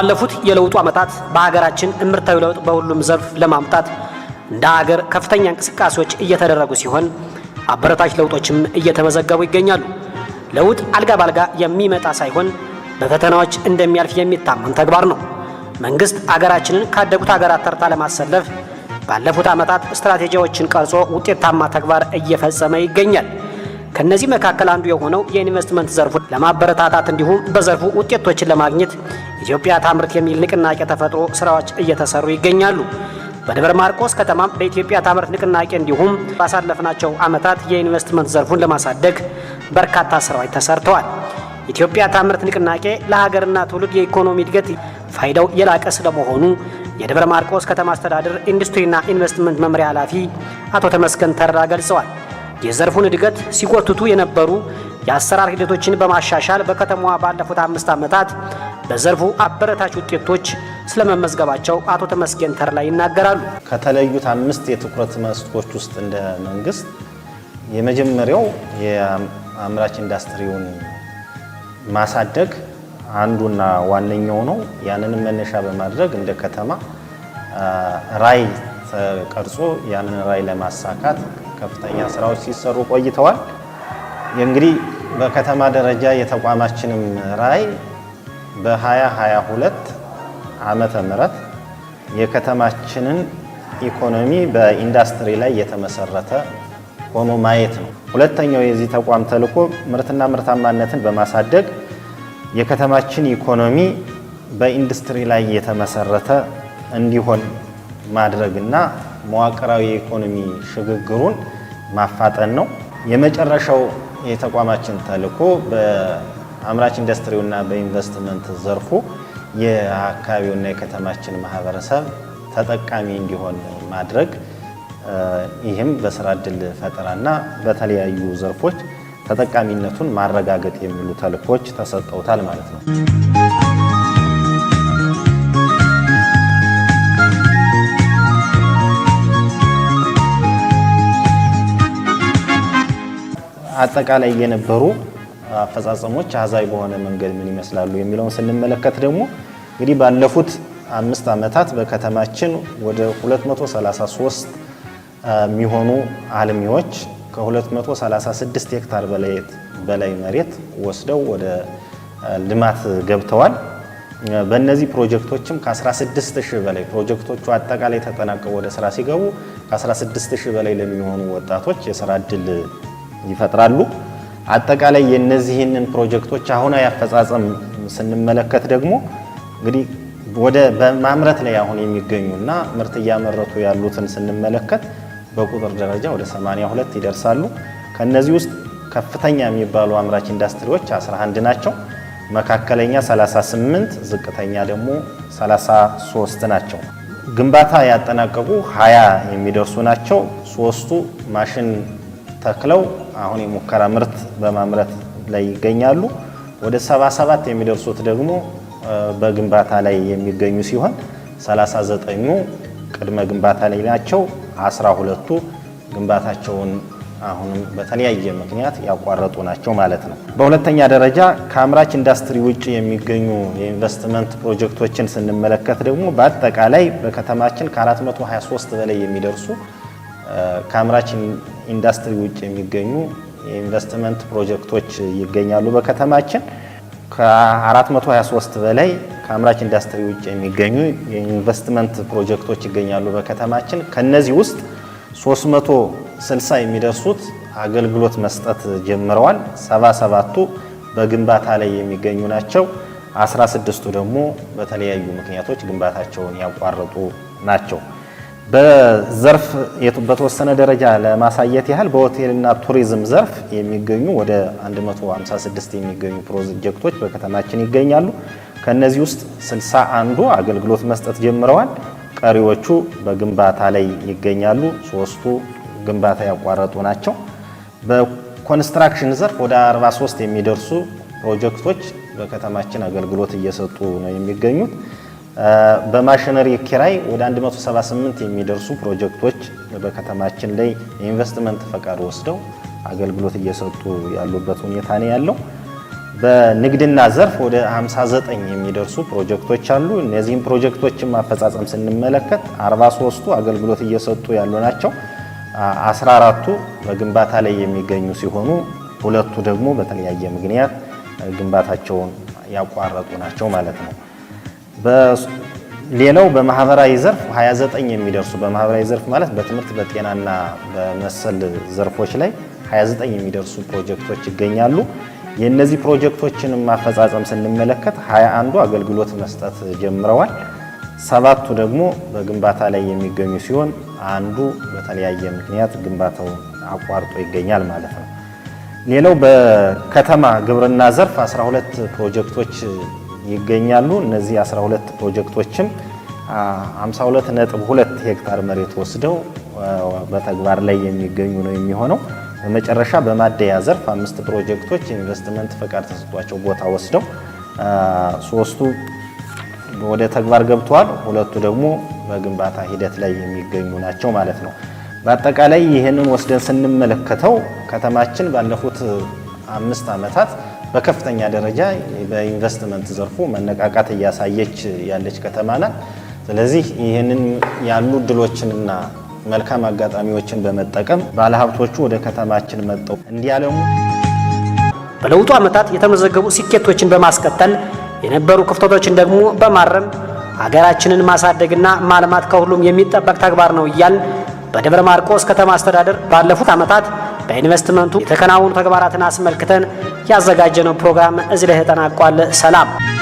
ባለፉት የለውጡ ዓመታት በሀገራችን እምርታዊ ለውጥ በሁሉም ዘርፍ ለማምጣት እንደ ሀገር ከፍተኛ እንቅስቃሴዎች እየተደረጉ ሲሆን አበረታች ለውጦችም እየተመዘገቡ ይገኛሉ። ለውጥ አልጋ ባልጋ የሚመጣ ሳይሆን በፈተናዎች እንደሚያልፍ የሚታመን ተግባር ነው። መንግስት አገራችንን ካደጉት ሀገራት ተርታ ለማሰለፍ ባለፉት ዓመታት ስትራቴጂዎችን ቀርጾ ውጤታማ ተግባር እየፈጸመ ይገኛል። ከእነዚህ መካከል አንዱ የሆነው የኢንቨስትመንት ዘርፉን ለማበረታታት እንዲሁም በዘርፉ ውጤቶችን ለማግኘት ኢትዮጵያ ታምርት የሚል ንቅናቄ ተፈጥሮ ስራዎች እየተሰሩ ይገኛሉ። በደብረ ማርቆስ ከተማም በኢትዮጵያ ታምርት ንቅናቄ እንዲሁም ባሳለፍናቸው ዓመታት የኢንቨስትመንት ዘርፉን ለማሳደግ በርካታ ስራዎች ተሰርተዋል። ኢትዮጵያ ታምርት ንቅናቄ ለሀገርና ትውልድ የኢኮኖሚ እድገት ፋይዳው የላቀ ስለመሆኑ የደብረ ማርቆስ ከተማ አስተዳደር ኢንዱስትሪና ኢንቨስትመንት መምሪያ ኃላፊ አቶ ተመስገን ተራ ገልጸዋል። የዘርፉን እድገት ሲጎትቱ የነበሩ የአሰራር ሂደቶችን በማሻሻል በከተማዋ ባለፉት አምስት ዓመታት በዘርፉ አበረታች ውጤቶች ስለመመዝገባቸው አቶ ተመስገን ተር ላይ ይናገራሉ። ከተለዩት አምስት የትኩረት መስኮች ውስጥ እንደ መንግስት የመጀመሪያው የአምራች ኢንዱስትሪውን ማሳደግ አንዱና ዋነኛው ነው። ያንንም መነሻ በማድረግ እንደ ከተማ ራዕይ ተቀርጾ ያንን ራዕይ ለማሳካት ከፍተኛ ስራዎች ሲሰሩ ቆይተዋል። እንግዲህ በከተማ ደረጃ የተቋማችንም ራዕይ በ2022 ዓመተ ምህረት የከተማችንን ኢኮኖሚ በኢንዱስትሪ ላይ የተመሰረተ ሆኖ ማየት ነው። ሁለተኛው የዚህ ተቋም ተልዕኮ ምርትና ምርታማነትን በማሳደግ የከተማችን ኢኮኖሚ በኢንዱስትሪ ላይ የተመሰረተ እንዲሆን ማድረግና መዋቅራዊ የኢኮኖሚ ሽግግሩን ማፋጠን ነው። የመጨረሻው የተቋማችን ተልዕኮ በአምራች ኢንዱስትሪውና በኢንቨስትመንት ዘርፉ የአካባቢውና የከተማችን ማህበረሰብ ተጠቃሚ እንዲሆን ማድረግ ይህም በስራ እድል ፈጠራና በተለያዩ ዘርፎች ተጠቃሚነቱን ማረጋገጥ የሚሉ ተልዕኮች ተሰጠውታል ማለት ነው። አጠቃላይ የነበሩ አፈጻጸሞች አሃዛዊ በሆነ መንገድ ምን ይመስላሉ የሚለውን ስንመለከት ደግሞ እንግዲህ ባለፉት አምስት ዓመታት በከተማችን ወደ 233 የሚሆኑ አልሚዎች ከ236 ሄክታር በላይ መሬት ወስደው ወደ ልማት ገብተዋል። በእነዚህ ፕሮጀክቶችም ከ16000 በላይ ፕሮጀክቶቹ አጠቃላይ ተጠናቀው ወደ ስራ ሲገቡ ከ16000 በላይ ለሚሆኑ ወጣቶች የስራ እድል ይፈጥራሉ። አጠቃላይ የነዚህንን ፕሮጀክቶች አሁን ያፈጻጸም ስንመለከት ደግሞ እንግዲህ ወደ በማምረት ላይ አሁን የሚገኙና ምርት እያመረቱ ያሉትን ስንመለከት በቁጥር ደረጃ ወደ 82 ይደርሳሉ። ከነዚህ ውስጥ ከፍተኛ የሚባሉ አምራች ኢንዱስትሪዎች 11 ናቸው። መካከለኛ 38፣ ዝቅተኛ ደግሞ 33 ናቸው። ግንባታ ያጠናቀቁ 20 የሚደርሱ ናቸው። ሶስቱ ማሽን ተክለው አሁን የሙከራ ምርት በማምረት ላይ ይገኛሉ። ወደ 77 የሚደርሱት ደግሞ በግንባታ ላይ የሚገኙ ሲሆን 39ኙ ቅድመ ግንባታ ላይ ናቸው። 12ቱ ግንባታቸውን አሁንም በተለያየ ምክንያት ያቋረጡ ናቸው ማለት ነው። በሁለተኛ ደረጃ ከአምራች ኢንዱስትሪ ውጭ የሚገኙ የኢንቨስትመንት ፕሮጀክቶችን ስንመለከት ደግሞ በአጠቃላይ በከተማችን ከ423 በላይ የሚደርሱ ከአምራች ኢንዱስትሪ ውጭ የሚገኙ የኢንቨስትመንት ፕሮጀክቶች ይገኛሉ። በከተማችን ከ423 በላይ ከአምራች ኢንዱስትሪ ውጭ የሚገኙ የኢንቨስትመንት ፕሮጀክቶች ይገኛሉ በከተማችን። ከነዚህ ውስጥ 360 የሚደርሱት አገልግሎት መስጠት ጀምረዋል። 77ቱ በግንባታ ላይ የሚገኙ ናቸው። 16ቱ ደግሞ በተለያዩ ምክንያቶች ግንባታቸውን ያቋረጡ ናቸው። በዘርፍ በተወሰነ ደረጃ ለማሳየት ያህል በሆቴልና ቱሪዝም ዘርፍ የሚገኙ ወደ 156 የሚገኙ ፕሮጀክቶች በከተማችን ይገኛሉ። ከእነዚህ ውስጥ 60 አንዱ አገልግሎት መስጠት ጀምረዋል። ቀሪዎቹ በግንባታ ላይ ይገኛሉ። ሶስቱ ግንባታ ያቋረጡ ናቸው። በኮንስትራክሽን ዘርፍ ወደ 43 የሚደርሱ ፕሮጀክቶች በከተማችን አገልግሎት እየሰጡ ነው የሚገኙት። በማሽነሪ ኪራይ ወደ 178 የሚደርሱ ፕሮጀክቶች በከተማችን ላይ የኢንቨስትመንት ፈቃድ ወስደው አገልግሎት እየሰጡ ያሉበት ሁኔታ ነው ያለው። በንግድና ዘርፍ ወደ 59 የሚደርሱ ፕሮጀክቶች አሉ። እነዚህም ፕሮጀክቶችን ማፈጻጸም ስንመለከት 43ቱ አገልግሎት እየሰጡ ያሉ ናቸው። 14ቱ በግንባታ ላይ የሚገኙ ሲሆኑ ሁለቱ ደግሞ በተለያየ ምክንያት ግንባታቸውን ያቋረጡ ናቸው ማለት ነው። ሌላው በማህበራዊ ዘርፍ 29 የሚደርሱ በማህበራዊ ዘርፍ ማለት በትምህርት በጤናና በመሰል ዘርፎች ላይ 29 የሚደርሱ ፕሮጀክቶች ይገኛሉ። የእነዚህ ፕሮጀክቶችን ማፈጻጸም ስንመለከት 21ዱ አገልግሎት መስጠት ጀምረዋል። ሰባቱ ደግሞ በግንባታ ላይ የሚገኙ ሲሆን አንዱ በተለያየ ምክንያት ግንባታው አቋርጦ ይገኛል ማለት ነው። ሌላው በከተማ ግብርና ዘርፍ 12 ፕሮጀክቶች ይገኛሉ። እነዚህ 12 ፕሮጀክቶችም 52.2 ሄክታር መሬት ወስደው በተግባር ላይ የሚገኙ ነው የሚሆነው። በመጨረሻ በማደያ ዘርፍ አምስት ፕሮጀክቶች ኢንቨስትመንት ፈቃድ ተሰጥቷቸው ቦታ ወስደው ሶስቱ ወደ ተግባር ገብተዋል። ሁለቱ ደግሞ በግንባታ ሂደት ላይ የሚገኙ ናቸው ማለት ነው። በአጠቃላይ ይህንን ወስደን ስንመለከተው ከተማችን ባለፉት አምስት ዓመታት በከፍተኛ ደረጃ በኢንቨስትመንት ዘርፉ መነቃቃት እያሳየች ያለች ከተማ ናት። ስለዚህ ይህንን ያሉ እድሎችንና መልካም አጋጣሚዎችን በመጠቀም ባለሀብቶቹ ወደ ከተማችን መጠው እንዲያለሙ በለውጡ ዓመታት የተመዘገቡ ስኬቶችን በማስቀጠል የነበሩ ክፍተቶችን ደግሞ በማረም ሀገራችንን ማሳደግና ማልማት ከሁሉም የሚጠበቅ ተግባር ነው እያል በደብረ ማርቆስ ከተማ አስተዳደር ባለፉት ዓመታት በኢንቨስትመንቱ የተከናወኑ ተግባራትን አስመልክተን ያዘጋጀነው ፕሮግራም እዚህ ላይ ተጠናቋል። ሰላም